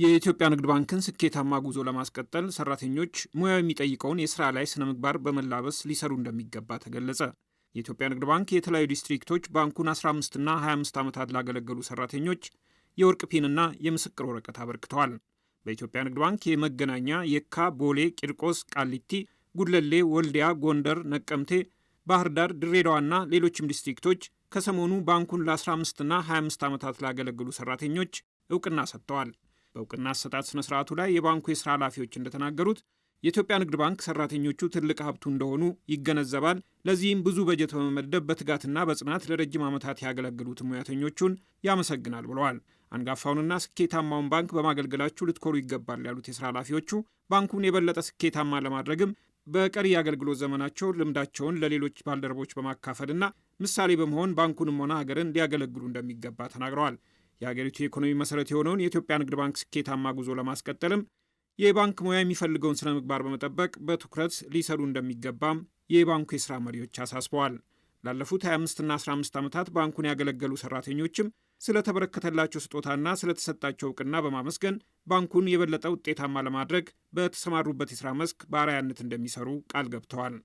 የኢትዮጵያ ንግድ ባንክን ስኬታማ ጉዞ ለማስቀጠል ሰራተኞች ሙያው የሚጠይቀውን የስራ ላይ ስነ ምግባር በመላበስ ሊሰሩ እንደሚገባ ተገለጸ። የኢትዮጵያ ንግድ ባንክ የተለያዩ ዲስትሪክቶች ባንኩን 15ና 25 ዓመታት ላገለገሉ ሰራተኞች የወርቅ ፒንና የምስክር ወረቀት አበርክተዋል። በኢትዮጵያ ንግድ ባንክ የመገናኛ፣ የካ፣ ቦሌ፣ ቂርቆስ፣ ቃሊቲ፣ ጉለሌ፣ ወልዲያ፣ ጎንደር፣ ነቀምቴ፣ ባህር ዳር፣ ድሬዳዋና ሌሎችም ዲስትሪክቶች ከሰሞኑ ባንኩን ለ15ና 25 ዓመታት ላገለገሉ ሰራተኞች እውቅና ሰጥተዋል። በእውቅና አሰጣጥ ስነ ስርዓቱ ላይ የባንኩ የስራ ኃላፊዎች እንደተናገሩት የኢትዮጵያ ንግድ ባንክ ሰራተኞቹ ትልቅ ሀብቱ እንደሆኑ ይገነዘባል። ለዚህም ብዙ በጀት በመመደብ በትጋትና በጽናት ለረጅም ዓመታት ያገለግሉት ሙያተኞቹን ያመሰግናል ብለዋል። አንጋፋውንና ስኬታማውን ባንክ በማገልገላችሁ ልትኮሩ ይገባል ያሉት የስራ ኃላፊዎቹ ባንኩን የበለጠ ስኬታማ ለማድረግም በቀሪ የአገልግሎት ዘመናቸው ልምዳቸውን ለሌሎች ባልደረቦች በማካፈልና ምሳሌ በመሆን ባንኩንም ሆነ ሀገርን ሊያገለግሉ እንደሚገባ ተናግረዋል። የሀገሪቱ የኢኮኖሚ መሰረት የሆነውን የኢትዮጵያ ንግድ ባንክ ስኬታማ ጉዞ ለማስቀጠልም የባንክ ሙያ የሚፈልገውን ስነ ምግባር በመጠበቅ በትኩረት ሊሰሩ እንደሚገባም የባንኩ የሥራ መሪዎች አሳስበዋል። ላለፉት 25ና 15 ዓመታት ባንኩን ያገለገሉ ሠራተኞችም ስለተበረከተላቸው ስጦታና ስለተሰጣቸው እውቅና በማመስገን ባንኩን የበለጠ ውጤታማ ለማድረግ በተሰማሩበት የሥራ መስክ በአርአያነት እንደሚሰሩ ቃል ገብተዋል።